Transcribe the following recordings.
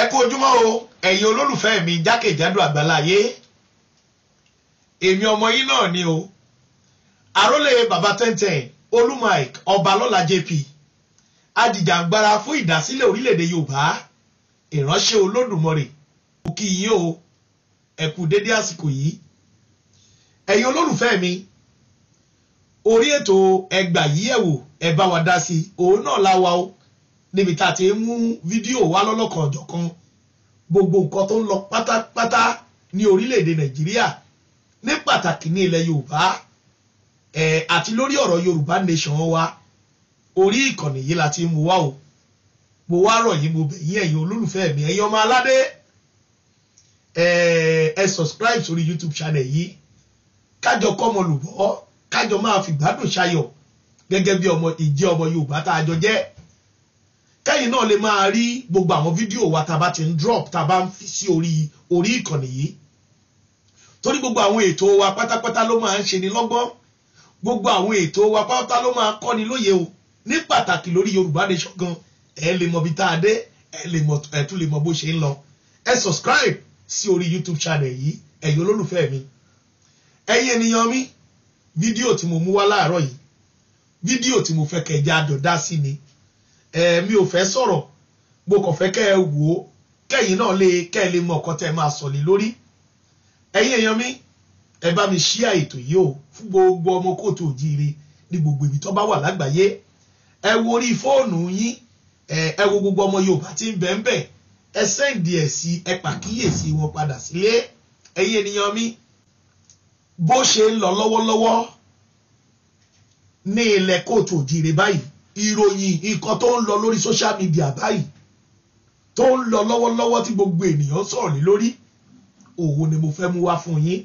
ẹ kú ojúmọ́ o ẹ̀yin olólùfẹ́ mi jákèjádò àgbáláyé èmi ọmọ yín náà ni o àrólé bàbá tẹ́ntẹ́n olú mike ọbalọ́lá jp ajìjàǹgbara fún ìdásílẹ̀ orílẹ̀-èdè yorùbá ìránṣẹ́ olódùmarè kò kí yín o ẹ kú dédé àsìkò yìí ẹ̀yin olólùfẹ́ mi orí ètò ẹgbà yìí ẹ̀wò ẹ bá wa dá sí òun náà la wa o níbi tá a ti mú fídíò wá lọ́lọ́kan ọ̀jọ̀kan gbogbo nǹkan tó ń lọ pátápátá ní orílẹ̀-èdè nàìjíríà ní pàtàkì ní ilẹ̀ yorùbá àti lórí ọ̀rọ̀ yorùbá nation wa orí ìkànnì yìí la ti mú wá o mo wá rọ̀ yín mo bẹ̀ yín ẹ̀yin olólùfẹ́ mi ẹ̀yin ọmọ aládé ẹ subscribe sórí youtube channel yìí kájọ kọ́mọ lùbọ́ kájọ máa fi gbádùn ṣayọ̀ gẹ́gẹ́ bí ọmọ ìjẹ́ ọmọ yorùbá tá a jọ jẹ́ kẹ́yìn náà lè máa rí gbogbo àwọn fídíò wa tá a bá ti ń drop tá a bá ń fi sí orí orí ìkànnì yìí torí gbogbo àwọn ètò wa pátápátá ló máa ń ṣe ni lọ́gbọ́n gbogbo àwọn ètò wa pátápátá ló máa kọ́ ni lóye o ní pàtàkì lórí Yorùbá Nation gan ẹ lè mọ ibi tá a dé ẹ tún lè mọ bó ṣe ń lọ ẹ subscribe sí orí YouTube channel yìí ẹ̀yin olólùfẹ́ mi ẹ̀yin ènìyàn mi fídíò tí mo mú wá láàárọ̀ yìí fídíò tí mo fẹ́ kẹjá dọ̀dá sí ni mi ò fẹ́ sọ̀rọ̀ mo kàn fẹ́ kẹ́ ẹ wò ó kẹ́yìn náà lè kẹ́ ẹ lè mọ ọ̀kan tẹ́ ẹ máa sọ̀lẹ̀ lórí ẹ̀yin èèyàn mi ẹ bá mi ṣí àìtò yìí o fún gbogbo ọmọ kóòtù òjíire ní gbogbo ibi tó bá wà lágbàáyé ẹ wo orí fóònù yín ẹ wo gbogbo ọmọ Yorùbá tí ń bẹ ń bẹ ẹ sẹ́ǹdì ẹ̀ sí ẹ pàkíyèsí wọn padà sílé ẹ̀yin ènìyàn mi bó ṣe ń lọ lọ́wọ́lọ́wọ́ ní ilẹ̀ kóòtù òjíire báyìí ìròyìn nǹkan tó ń lọ lórí social media báyìí tó ń lọ lọ́wọ́lọ́wọ́ tí gbogbo ènìyàn sọ̀rọ̀ lé lórí òun ni mo fẹ́ mú wá fún yín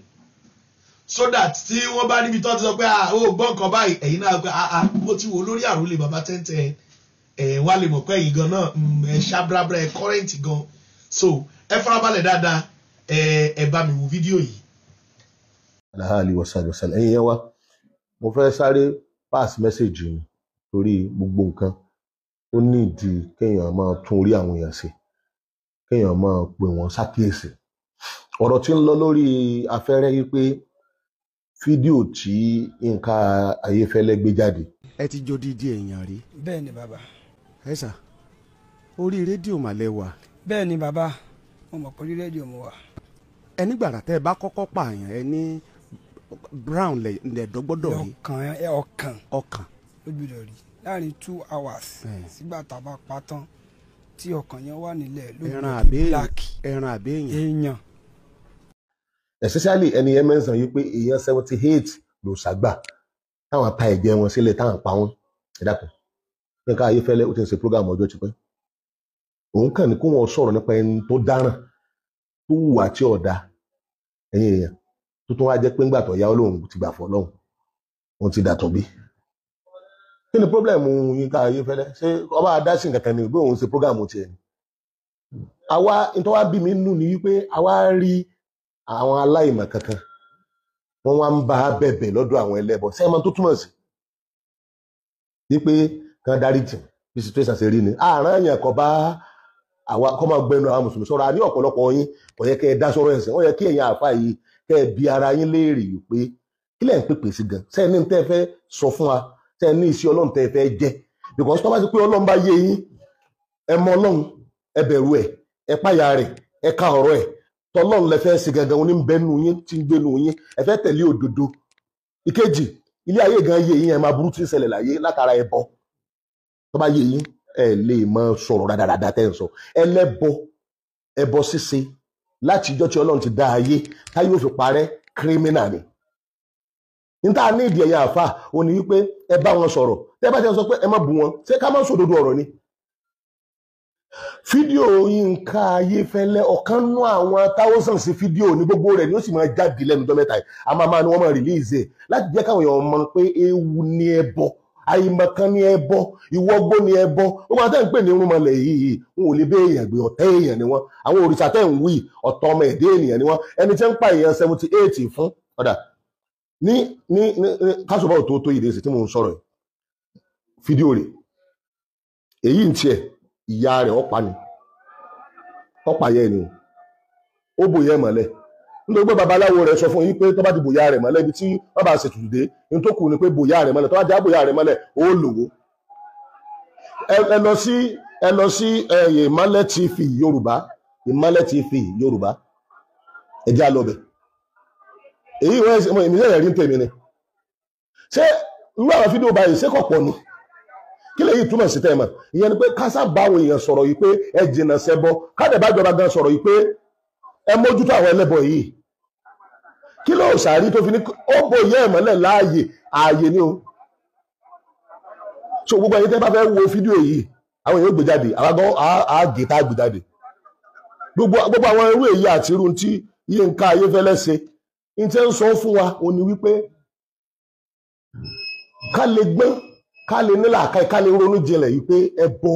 so that tí wọ́n bá níbi tó ti sọ pé ó ah, gbọ́ nǹkan báyìí ẹ̀yin náà pé ah, ah, mo ti wò lórí àròlé bàbá tẹ́ntẹ́ ẹ̀ wá lè mọ̀ pé ẹ̀yin gan náà ẹ̀ ṣàbírabrà ẹ̀ kọ́rẹ́ǹtì gan so ẹ farabalẹ̀ dáadáa ẹ ẹ bá mi wo fídíò yìí. alahali wasaali wasaali ẹ̀yin yẹn wa mo fẹ́ sáré pass message yìí torí gbogbo nǹkan ó nídìí kéèyàn máa tún orí àwọn èèyàn ṣe kéèyàn máa pè wọ́n ṣàkíyèsí ọ̀rọ̀ tí ń lọ lórí afẹ́rẹ́ yìí pé fídíò tí Yínká Ayéfẹ́lẹ́ gbé jáde. ẹ ti jó dídí èèyàn rí. bẹ́ẹ̀ ni bàbá. ẹ sà orí rédíò mà lẹ wà. bẹ́ẹ̀ ni bàbá mo mọ̀ pé orí rédíò mo wà. ẹ nígbàrà tẹ́ ẹ bá kọ́kọ́ pààyàn ẹ ní brown lẹ̀dọ́gbọ́dọ̀ rí. ọkàn. ọkàn ó gbọ́dọ̀ rí láàrin two hours sígbà tá a bá pa tán tí ọkàn yẹn wà nílẹ̀ ló ń ẹran àbí èèyàn. especially ẹni yẹn mẹ́sàn-án yìí pé èèyàn seventy eight ló ṣàgbà táwọn pa ẹ̀jẹ̀ wọn sílẹ̀ táwọn pa wọn ẹ dákun nǹkan ayéfẹ́lẹ́ ó ti ń ṣe program ọjọ́ ti pẹ́ òun kàn ní kó wọn sọ̀rọ̀ nípa ẹni tó dáràn tó hùwà tí ọ̀dà ẹ̀yìn èèyàn tó tún wá jẹ́ pé ńgbà tó yá Ọlọ́run ti gbà fọ́ Ọlọ́run òun ti dàtọ̀ bí kí ni pọ́blẹ́mù Yínká Ayéfẹ́lẹ́ ṣé ọba adásìn kankan ni òbí òun ṣe prógámù tiẹ̀ ni àwa nítorí wá bí mi nù wípé àwa rí àwọn kankan wọn wá ń bá a bẹ̀bẹ̀ lọ́dọ̀ àwọn ẹlẹ́bọ sẹ́yìn máa tó túmọ̀ sí wípé kan darí tì bí situation ṣe rí ni àárín yẹn kọ bá àwa kọ́ máa gbẹnu àwọn mùsùlùmí àní bi ara yín léèrè yìí pé kílẹ̀ ń pèpè sí gan sẹ́yìn ní tẹ́ fẹ́ sọ tẹ́ ní iṣẹ́ ọlọ́run tẹ́ fẹ́ jẹ́ because tó bá ti pé ọlọ́run bá yé yín ẹ mọ ọlọ́run ẹ bẹ̀rù ẹ̀ ẹ páyà rẹ̀ ẹ ka ọ̀rọ̀ ẹ̀ tọ́lọ́run lẹ fẹ́ ṣe gangan oní bẹ́nu yín tí ń gbénu yín ẹ fẹ́ tẹ̀lé òdodo ìkejì ilé ayé gan yé yín ẹ máa burú tí ń ṣẹlẹ̀ láyé látara ẹbọ tó bá yé yín ẹ lè mọ sọ̀rọ̀ rádaràda tẹ́ ń sọ ẹlẹ́bọ ẹbọ ṣíṣe láti ìjọ́ tí ọlọ́run ti dá ayé táyé ó fi parẹ́ kírímínà ni ní tá a ní ìdí ẹ̀yà àfa ò ní wípé ẹ bá wọn sọ̀rọ̀ tẹ́ bá ti sọ pé ẹ má bú wọn ṣé ká má sòdodo ọ̀rọ̀ ni. fídíò Yínká Ayéfẹ́lẹ́ ọ̀kan nú àwọn thousands fídíò ní gbogbo rẹ̀ ni ó sì máa jáde lẹ́nu ọjọ́ mẹ́ta yìí a ni wọ́n máa release ẹ̀ láti jẹ́ káwọn èèyàn mọ̀ pé ewu ni ẹbọ àìmọ̀kan ni ẹbọ ìwọ́gbó ni ẹbọ ó máa tẹ́ ń pè ní irúnmọlẹ̀ yìí n ò lè bẹ́ èèyàn gbé ọ̀tẹ́ èèyàn ni wọ́n àwọn òrìṣà tẹ́ ń wí ọ̀tọ̀ ọmọ ẹ̀dẹ́ ènìyàn ni wọ́n ẹni tí ń pa èèyàn seventy eight fún ọ̀dà ní ní kásùbá ò tó tó yìí lẹ́sìn tí mò ń sọ̀rọ̀ fídíò rẹ̀ èyí ń tiẹ̀ ìyá rẹ̀ ọ̀pá ni ọ̀pá yẹn ni ó bòyẹ mọ́lẹ̀ nítorí pé babaláwo rẹ̀ sọ fún yín pé tó bá di bòyá rẹ̀ mọ́lẹ̀ ibi tí wọ́n bá ṣètùtù dé ní tó kù ni pé bòyá rẹ̀ tó bá di àbòyá rẹ̀ ẹ lọ ẹ lọ sí Yorùbá Yorùbá ẹ èyí wọ́n ẹ̀sìn ọmọ ìmísẹ̀ ẹ̀rí ń tèmi ni ṣé irú àwọn fídíò báyìí ṣé kò pọ̀ nù kí lèyí túmọ̀ sí tẹ̀ mọ̀ ìyẹn ni pé kásá bá àwọn èèyàn sọ̀rọ̀ yìí pé ẹ jìnnà sẹ́bọ káàdì bá jọba gan sọ̀rọ̀ yìí pé ẹ mójútó àwọn ẹlẹ́bọ yìí kí ló sàárí tó fi ní ó bo ìyá ìmọ̀lẹ̀ láàyè ààyè ni o so gbogbo ẹ̀yin tẹ́ bá fẹ́ wo fídíò yìí àwọn èèyàn gbé jáde àwọn gan àgè tá a gbé jáde gbogbo àwọn irú èyí àti irú tí Yínká Ayéfẹ́lẹ́ ṣe n tẹ́ ń sọ fún wa òun ni wípé ká lè gbọ́n ká lè nílà ká ká lè ronú jinlẹ̀ wípé ẹbọ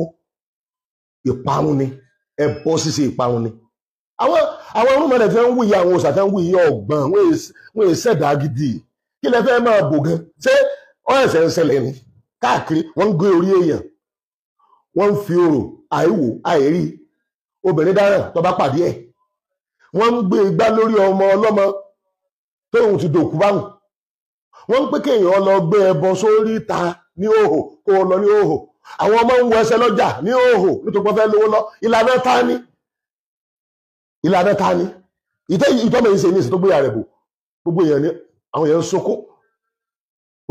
ìparun ni ẹbọ ṣíṣe ìparun ni àwọn àwọn ọmọ rẹ̀ fẹ́ ń wuyì àwọn òṣà fẹ́ ń wuyì ọ̀gbọ́n wọ́n èsì ẹ̀dá gidi kí lẹ fẹ́ máa bò gan ṣé ọ̀ ẹ̀sẹ̀ ń ṣẹlẹ̀ ni káàkiri wọ́n ń gé orí èèyàn wọ́n ń fi orò àìwò àìrí obìnrin dáràn tó bá pàdé ẹ̀ wọ́n ń gbé igbá lórí ọmọ ọlọ́mọ tóun ti dòkú báwọn wọn ń pé kéèyàn lọ gbé ẹbọ sórí ìta ní òhò kó lọ ní òhò àwọn ọmọ ń wọ ẹsẹ̀ lọ́jà ní òhò nítorí wọ́n fẹ́ lówó lọ ìlànà ta ni ìlànà ta ni ìtọ́mọ̀ yìí ṣe ní tó bò gbogbo èèyàn ni àwọn èèyàn ń sokó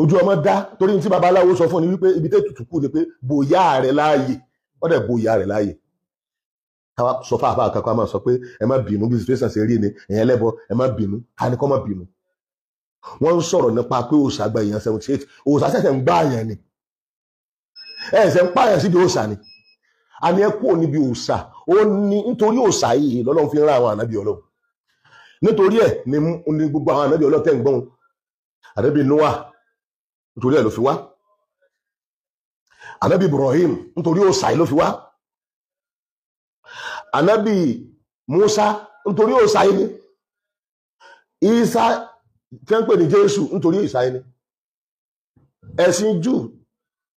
ojú ọmọ dá torí tí babaláwo sọ fún ni wípé ibi tẹ́ tutù kù ni pé bòyá láàyè bòyá káwá sọ fún sọ pé ẹ má bínú bí situation ṣe rí ni èèyàn lẹ́bọ ẹ má bínú ká kọ́ má bínú. wọ́n nípa pé gba èèyàn seventy eight ń gbá àyàn ni ẹ̀ṣẹ̀ ń pààyàn síbi òòṣà ni àní ẹ kúrò níbi ó ní nítorí yìí lọ́lọ́run fi ni gbogbo Noah nítorí ló fi wá Ibrahim nítorí anabi Musa nítorí òsáyé ni Isa tí wọ́n ní Jésù nítorí ìsáyé ni ẹ̀sìn jù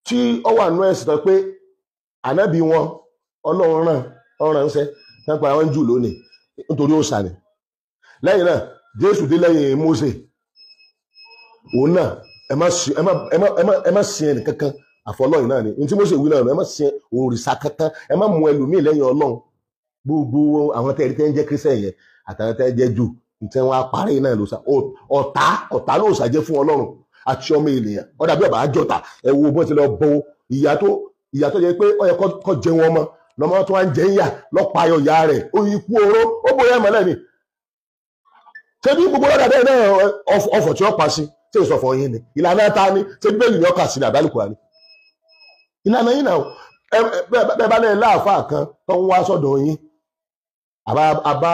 tí ó wà nú ẹ̀sìn tán pé ànábì wọn ọlọ́run ràn ọ̀ràn ń sẹ́ àwọn jù lónìí nítorí òsà ni lẹ́yìn náà Jésù dé lẹ́yìn òun náà ẹ má sin ẹnì kankan àfọlọ́yìn náà ni ní tí mose wí náà ẹ má sin òrìṣà kankan ẹ má mú ẹlòmíì lẹ́yìn ọlọ́run gbogbo àwọn tẹ́ ẹ̀rí tẹ́ ń jẹ́ kírísítẹ́nì yẹn àtàwọn tẹ́ ń jẹ́ jù tí wọ́n á parí náà ló sá ọ̀tá ọ̀tá ló sàjẹ́ fún ọlọ́run àti ọmọ ènìyàn ọ̀dà bí ọ̀bà àjọta ẹ̀ wo bó ti lọ bo ìyá tó ìyá tó pé jẹ wọn lọ́mọ tó wá ń jẹ ń yà ìyá rẹ̀ oró ó mi gbogbo lọ́dà bẹ́ẹ̀ náà ọ̀fọ̀ tí wọ́n pa sí tí èso ọ̀fọ̀ yín ni ìlànà ta ni bẹ́ẹ̀ yìnyín ọkà sí ní àbálùkù ìlànà náà bẹ́ẹ̀ bá lẹ́yìn kan tó ń wá àbá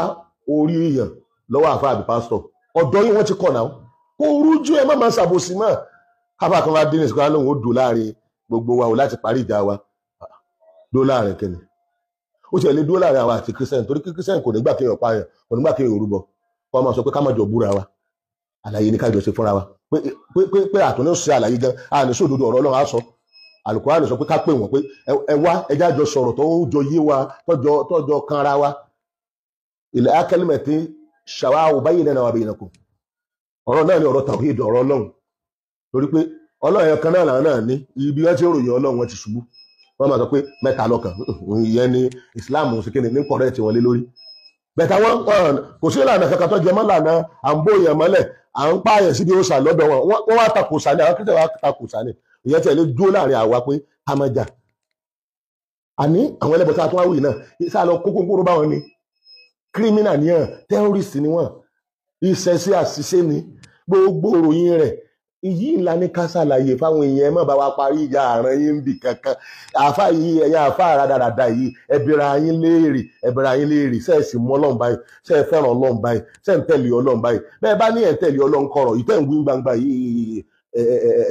orí èèyàn lọ́wọ́ àfa àbí pásítọ̀ ọ̀dọ́ yìí wọ́n ti kọ̀ náà kó rújú ẹ má máa ṣàbòsí mọ́ kábà kan wá dínìsì kan lóun ó dò láàrin gbogbo wa ò láti parí ìjà wa dó láàrin kẹ́ni ó ti ẹ̀lẹ́ dó láàrin àwa àti kírísẹ́n torí kírísẹ́n kò nígbà kéèyàn pààyàn kò nígbà kéèyàn rúbọ kó máa sọ pé ká má jọ búra wa àlàyé ní ká jọ ṣe fúnra wa pé pé àtúnú ṣe àlàyé gan àní sódodo ọ̀rọ̀ Ọlọ́run á sọ Àlùkùránì sọ pé ká pè wọ́n pé ẹ wá ẹjá jọ sọ̀rọ̀ tó jọ yé wa tọ́jọ kanra wa ila kalimati shawa'u baynana wa baynakum ọ̀rọ̀ náà ni ọ̀rọ̀ tawhid ọ̀rọ̀ ọlọ́run torí pé ọlọ́run kan náà làwọn náà ní ibi wọ́n ti ròyìn ọlọ́run wọn ti ṣubú wọ́n máa sọ pé mẹ́ta lọ́kàn ìyẹn ni islam ṣìkìnì ní kọ̀rẹ́ tí wọ́n lé lórí bẹ̀tà wọn kò sí ìlànà kankan tó jẹ à ń bó èèyàn mọ́lẹ̀ à ń wọn wọ́n wá àwọn kìtẹ̀ wá ìyẹn dúró láàrin àwa pé ká jà àní àwọn kírímínà ni hàn tẹ́rọ́rìsì ni wọ́n ìṣẹ̀ṣe àṣìṣe ni gbogbo òròyìn rẹ̀ iyì ńlá ní ká ṣàlàyé fáwọn èèyàn ẹ má bá wa parí ìjà àrùn yín bì kankan àáfà yìí ẹ̀yà àáfà àràdàràdà yìí ẹ̀bìrà yín léèrè ẹ̀bìrà yín léèrè ṣe é sì mú ọlọ́run báyìí ṣe é fẹ́ràn ọlọ́run báyìí ṣe ń tẹ̀lé ọlọ́run báyìí bẹ́ẹ̀ bá ní ẹ̀ ń tẹ̀lé ọlọ́run kọ̀rọ̀ ìtẹ́ ń gbín gbangba yìí ẹ̀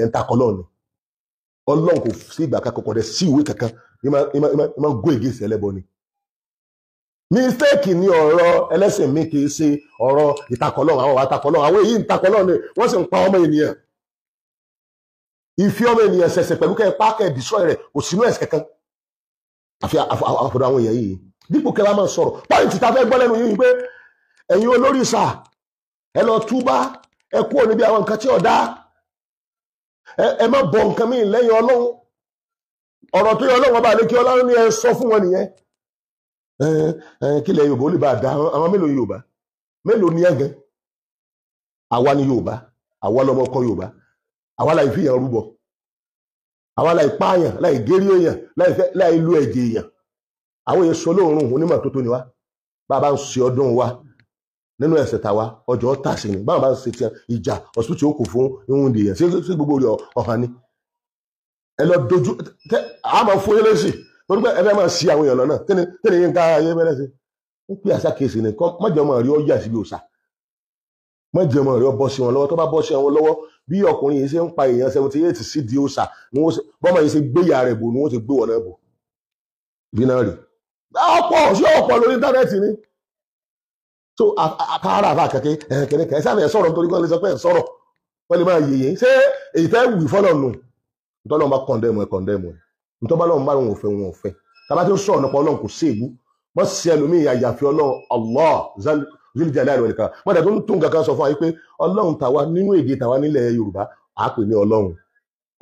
ń takọ̀lọ́ ni ọlọ́run kò sí ìgbà mistake ni ọ̀rọ̀ ẹlẹ́sìn mi kì í ṣe ọ̀rọ̀ ìtakọ̀lọ́ àwọn àtakọ̀lọ́ àwọn èyí ìtakọ̀lọ́ ni wọ́n sì ń pa ọmọ ènìyàn ìfi ọmọ ènìyàn ṣẹ̀ṣẹ̀ pẹ̀lú kẹ́ pákẹ́ destroy rẹ̀ kò sínú ẹ̀sìn kankan àfi àfọ̀dọ̀ àwọn èèyàn yìí dípò kẹwàá máa sọ̀rọ̀ pọ́ìntì ta fẹ́ gbọ́ lẹ́nu yìí pé ẹ̀yin olórí sà ẹ lọ túbá ẹ kúrò níbi àwọn nǹkan tí ò dáa ẹ má bọ nǹkan míì lẹ́yìn ọlọ́run ọ̀rọ̀ tó yẹ ọlọ́run ọba àlékí ọlọ́run ni ẹ sọ fún wọn nìyẹn Eh, eh, kílẹ̀ yorùbá ó lè bá a dá àwọn mélòó ni yorùbá mélòó ni ẹ̀gẹ́ àwa ni yorùbá àwa lọmọ ọkọ yorùbá àwa láì fi yàn rúbọ àwa láì pààyàn láì gérí èèyàn láì lu ẹ̀jẹ̀ èèyàn àwọn èèyàn sọ lóòrùn onímọ̀ tó tó ni wá bá a bá ń ṣe ọdún wa nínú ẹ̀sẹ̀ tàwa ọjọ́ tàṣe ni báwọn bá ń ṣe tiẹ̀ ìjà ọ̀sùtù ó kò fún ihun dèèyàn sí gbogbo rẹ̀ ọ̀hán ni ẹ lọ dojú àmọ́ fún yẹn torí pé ẹfẹ́ máa ṣí àwọn èèyàn lọ́nà kíni kíni yín ká ayé bẹ́rẹ̀ sí ń pè àṣà kèsì ní kọ́ mọ́jọ́mọ́ rí ọjà síbi òòṣà mọ́jọ́mọ́ rí ọbọ̀ sí wọn lọ́wọ́ tó bá bọ́ sí wọn lọ́wọ́ bí ọkùnrin yìí ṣe ń pa èèyàn seventy eight sí di òòṣà bọ́mọ yìí ṣe gbéyà rẹ̀ bò ni wọ́n ti gbé wọn náà bò bí náà rí ọ̀pọ̀ ṣé ọ̀pọ̀ lórí íńtánẹ́ẹ̀tì ni so àkàrà àfa kẹ̀kẹ́ kẹ̀kẹ́ kẹ̀kẹ́ sáfẹ̀ sọ̀rọ̀ nítorí kan lè sọ pé sọ̀rọ̀ wọ́n lè máa yèyè ṣé èyí tẹ́ wù fọ́lọ̀ nù tọ́lọ́ bá kọ̀ndẹ́mù ẹ̀ kọ̀ndẹ́mù ẹ̀ nítorí bá lọ́run bá wọn ò fẹ́ wọn ò fẹ́ tàbá tí ó sọ̀rọ̀ nípa ọlọ́run kò sí ègbú wọ́n sì ẹlòmíì àyàfi ọlọ́run Allah zulu jalal àìrò nìkan wọ́n dẹ̀ tó ń tún kankan sọ fún wa pé ọlọ́run tàwa nínú èdè tàwa nílẹ̀ Yorùbá à pè ní ọlọ́run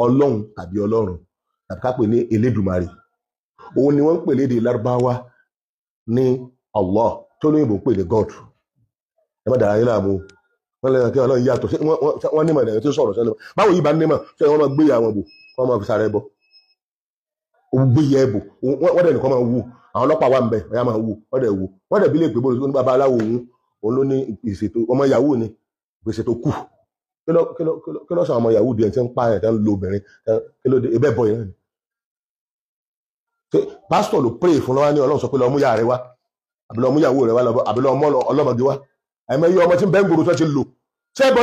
ọlọ́run tàbí ọlọ́run tàbí ká pè ní elédùmarè òun ni wọ́n ń pè lédè lárúbáwá ní Allah tó ní ìbò ń pè ní God ẹ má dàrá yín láàmú wọ́n lè kí ọlọ́run yàtọ̀ wọ́n nímọ̀ ìdàgbẹ́ tó sọ̀rọ̀ sọ́lẹ̀ báwo yìí bá nímọ̀ sọ́yìn òun gbé yẹ ẹbò wọ́n dẹ̀ nìkan máa wù àwọn ọlọ́pàá wà ń bẹ̀ ẹ̀yà máa wù wọ́n dẹ̀ wù wọ́n dẹ̀ bí lè pè bó ló ní bàbá aláwo òun òun ló ní ìṣètò ọmọ yahoo ni gbèsè tó kù kí ló sọ àwọn ọmọ yahoo di ẹni tí ń pa ẹ̀ tí ń lo obìnrin kí ló dé ebẹ́ bọ̀ yẹn ni. pásítọ̀ ló pray fún lọ́wọ́ ní ọlọ́run sọ pé lọ́mú yàrá rẹ wá àbí lọ́mú yahoo rẹ wá àbí lọ́mú ọlọ́mọdé wá àìmọye ọmọ tí ń bẹ́ ń gbòòrò tó ti lò ṣé ẹ̀bọ̀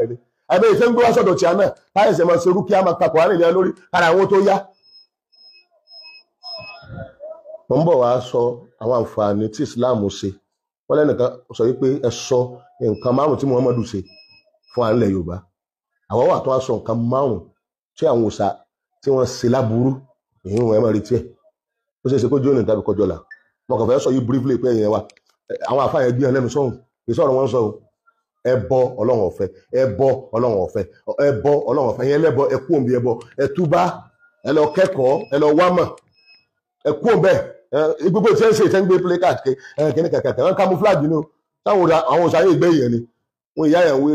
yìí ẹ̀bẹ̀ ìfẹ́ ń gbé wá sọ̀dọ̀ tí a náà táyà ìṣẹ̀mọ̀ ṣerú kí a máa kakọ̀ àrìn ìlera lórí ara àwọn tó yá. mo ń bọ̀ wá sọ àwọn àǹfààní tí Islam ṣe wọ́n lẹ́nìkan sọ wípé ẹ sọ nǹkan márùn-ún tí Muhammadu ṣe fún àlẹ́ Yorùbá àwọn wà tó wá sọ nǹkan márùn-ún tí àwọn òòṣà tí wọ́n ṣe láburú èyí wọn máa retí ẹ̀ ó ṣeé ṣe kó jóni tàbí kọjọ́ là mo kàn fẹ́ sọ yìí briefly pé ẹ̀yìn wa àwọn àfáà yẹn gbìyànjú lẹ́nu sọ́hùn ìṣòro wọn sọ ẹbọ ọlọ́run ọ̀fẹ́ ẹbọ ọlọ́run ọ̀fẹ́ ẹbọ ọlọ́run ọ̀fẹ́ ẹ̀yin ẹlẹ́bọ ẹkú òǹbí ẹbọ ẹtúbá ẹ lọ kẹ́kọ̀ọ́ ẹ lọ wámọ̀ ẹkú gbogbo ìṣe ni o táwọn àwọn òṣàyè ìgbé yẹn ni wọn ìyá yẹn wọn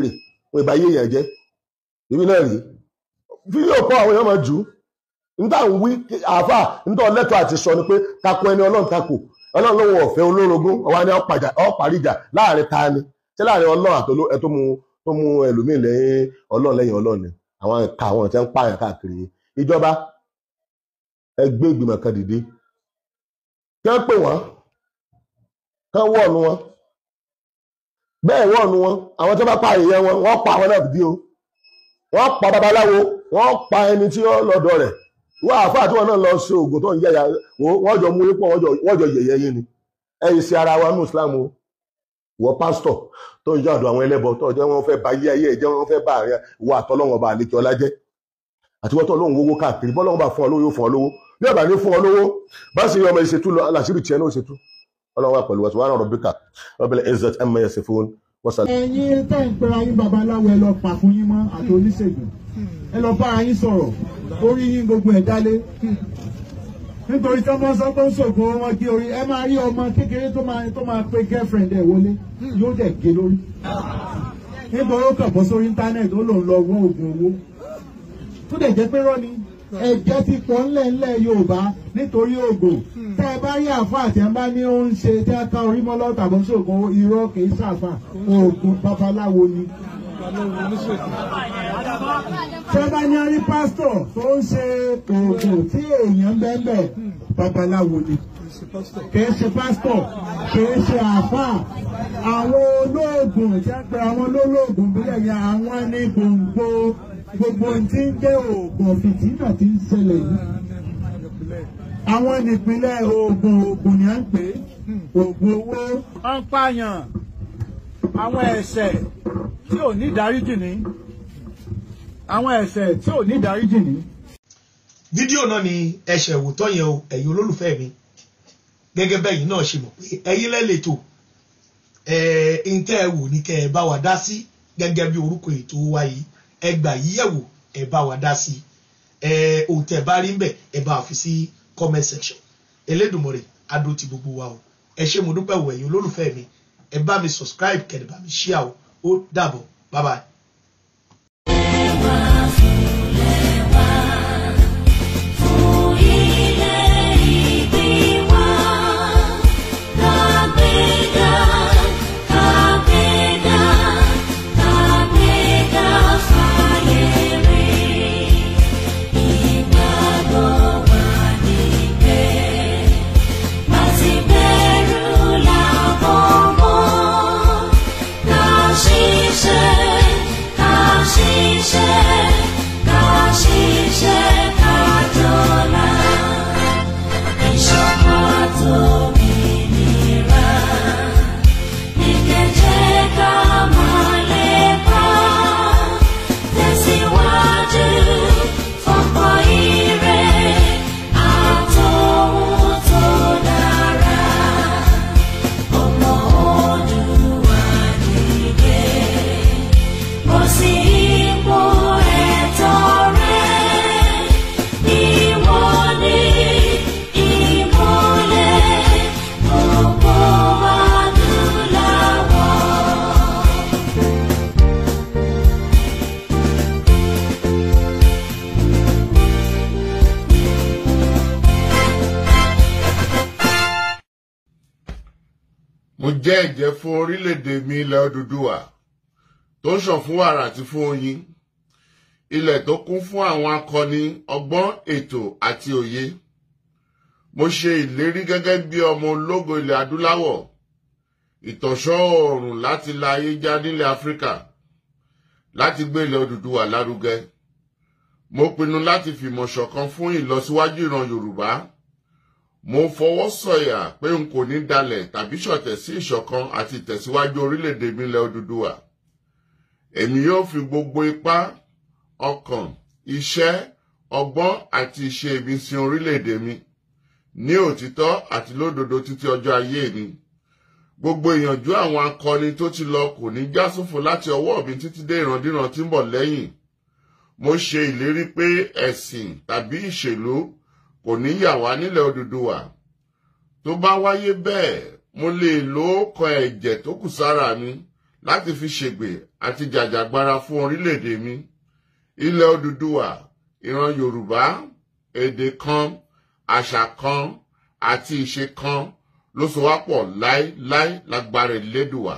ìbá yé yẹn jẹ náà rí fídíò kọ àwọn èèyàn máa sọ ni pé ẹni ṣé láàrin ọlọ́run àti olú tó mú tó mú ẹlòmíì lẹ́yìn ọlọ́run lẹ́yìn ọlọ́run ni àwọn ẹ̀ka àwọn ìtẹ́ ń pààyàn káàkiri ìjọba ẹgbẹ́ ìgbìmọ̀ kan dìde kí wọ́n pè wọ́n kí wọ́n wọ́ọ̀nù wọn bẹ́ẹ̀ wọ́ọ̀nù wọn àwọn tó bá pa èèyàn wọn wọ́n pa àwọn náà bí o wọ́n pa babaláwo wọ́n pa ẹni tí wọ́n lọ́dọ̀ rẹ̀ wọ́n àfáà tí wọ́n náà lọ ṣe oògùn tó ń yẹ̀yà wọ́n jọ mú ipò wọ́n jọ yẹ̀yẹ́ yín ni ẹ̀yìn sí ara wa ní ìsìlámù o wọ pásítọ̀ tó ń jàdùn àwọn ẹlẹ́bọ tó jẹ́ wọ́n fẹ́ ba ayé ayé ẹ̀jẹ̀ wọ́n fẹ́ bá àrẹ wọ àtọ́lọ́wọ́n ọba àlejò ọlá jẹ́ àti wọ́n tó lóun owó káàkiri bọ́lọ́wọ́n bá fún ọ lówó fún ọ lówó bí ọba ní fún ọ lówó bá sì rí ọmọ ìṣètú lọ aláṣírí tiẹ̀ náà ṣètú ọlọ́wọ́ pẹ̀lú wàtí wàá rọ̀rọ̀ bíkà ọbẹ̀ ẹ̀zẹ̀t ẹ̀mọ ẹ̀sẹ̀ fún wọ́sà. ẹ̀yin tẹ́ ń pera yín babaláwo ẹ lọ pa yín mọ́ àti nítorí tí wọ́n sọ pé ń ṣògo wọn kí orí ẹ máa rí ọmọ kékeré tó máa tó máa pe girlfriend ẹ̀ wọlé yóò dẹ̀ gé lórí nítorí ó kàn bọ́ sórí íńtánẹ́ẹ̀tì ó lòun lọ wọ́n oògùn owó tó dẹ̀ jẹ́ pé rọ́ ni ẹ̀jẹ̀ ti pọ̀ ńlẹ̀ ńlẹ̀ Yorùbá nítorí oògùn tẹ́ ẹ bá rí àfa àti ẹ̀ ń bá ní ó ń ṣe tẹ́ ká orí mọ́lọ́ tàbí ṣògùn irọ́ kì í ṣàfà oògùn babaláwo ni tó bá ní a rí pásítọ̀ tó ń ṣe oògùn tí èèyàn bẹ́ẹ̀ babaláwo ni kìí ṣe pásítọ̀ kìí ṣe àáfàá àwọn olóògùn ìjápẹ́ àwọn olóògùn bílẹ̀ yẹn àwọn ní gbòǹgbò gbogbo tí ń jẹ́ oògùn fìtínà tí ń ṣẹlẹ̀ yìí àwọn nípìnlẹ̀ oògùn oògùn ni à ń pè é oògùn owó. ọ̀pá yàn àwọn ẹ̀ṣẹ̀ tí ò ní dáríjì ní àwọn ẹ̀ṣẹ̀ tí ò ní dáríjì ní. fídíò náà ni ẹ̀ṣẹ̀ ìwòtọ́ yẹn o ẹ̀yin olólùfẹ́ mi gẹ́gẹ́ bẹ́yìn náà ṣe mọ̀ pé ẹ̀yin lẹ́lẹ̀tò ẹ̀ẹ́n tẹ́ ẹ wò ní kẹ́ ẹ bá wa dá sí gẹ́gẹ́ bí orúkọ ètò wa yìí ẹ gbà yí yẹ̀wò ẹ bá wa dá sí ẹ̀ẹ́ ohun tẹ́ bá rí ń bẹ̀ ẹ bá fi sí comment section Elédùmarè adó ti gbogbo wa o ẹ ṣé mo dúpẹ́ wẹ̀yìn olólùfẹ́ mi ẹ bá mi subscribe kẹ́ lè bá mi share o ó dàbọ̀ bye bye. fún orílẹ̀-èdè mi ilẹ̀ Odùduwà tó ń ṣàn fún wàrà àti fún oyin ilẹ̀ tó kún fún àwọn akọni ọgbọ́n ètò àti òye mo ṣe ìlérí gẹ́gẹ́ bí ọmọ ológo ilẹ̀ adúláwọ̀ ìtànṣọ́ oòrùn láti la ayé já nílẹ̀ Áfíríkà láti gbé ilẹ̀ Odùduwà lárugẹ mo pinnu láti fìmọ̀ ṣọ̀kan fún ìlọsíwájú ìran Yorùbá mo fọwọ́ sọ̀yà pé n kò ní dalẹ̀ tàbí ṣọ̀tẹ̀ sí ìṣọ̀kan àti ìtẹ̀síwájú orílẹ̀-èdè mi ilẹ̀ Odùduwà èmi yóò fi gbogbo ipá ọkàn iṣẹ́ ọgbọ́n àti ìṣe mi sin orílẹ̀-èdè mi ní òtítọ́ àti lódodo títí ọjọ́ ayé mi gbogbo ìyànjú àwọn akọni tó ti lọ kò ní já sófo láti ọwọ́ mi títí dé ìrandíran tí ń bọ̀ lẹ́yìn mo ṣe ìlérí pé ẹ̀sìn tàbí ìṣèlú kò ní yà wá nílẹ̀ Odùduwà tó bá wáyé bẹ́ẹ̀ mo lè lo ọkọ̀ ẹ̀jẹ̀ tó kù sára mi láti fi ṣègbè àti jàjàgbara fún orílẹ̀-èdè mi ilẹ̀ Odùduwà ìran Yorùbá èdè kan àṣà kan àti ìṣe kan ló so wá pọ̀ láéláé lágbára Elédùwà.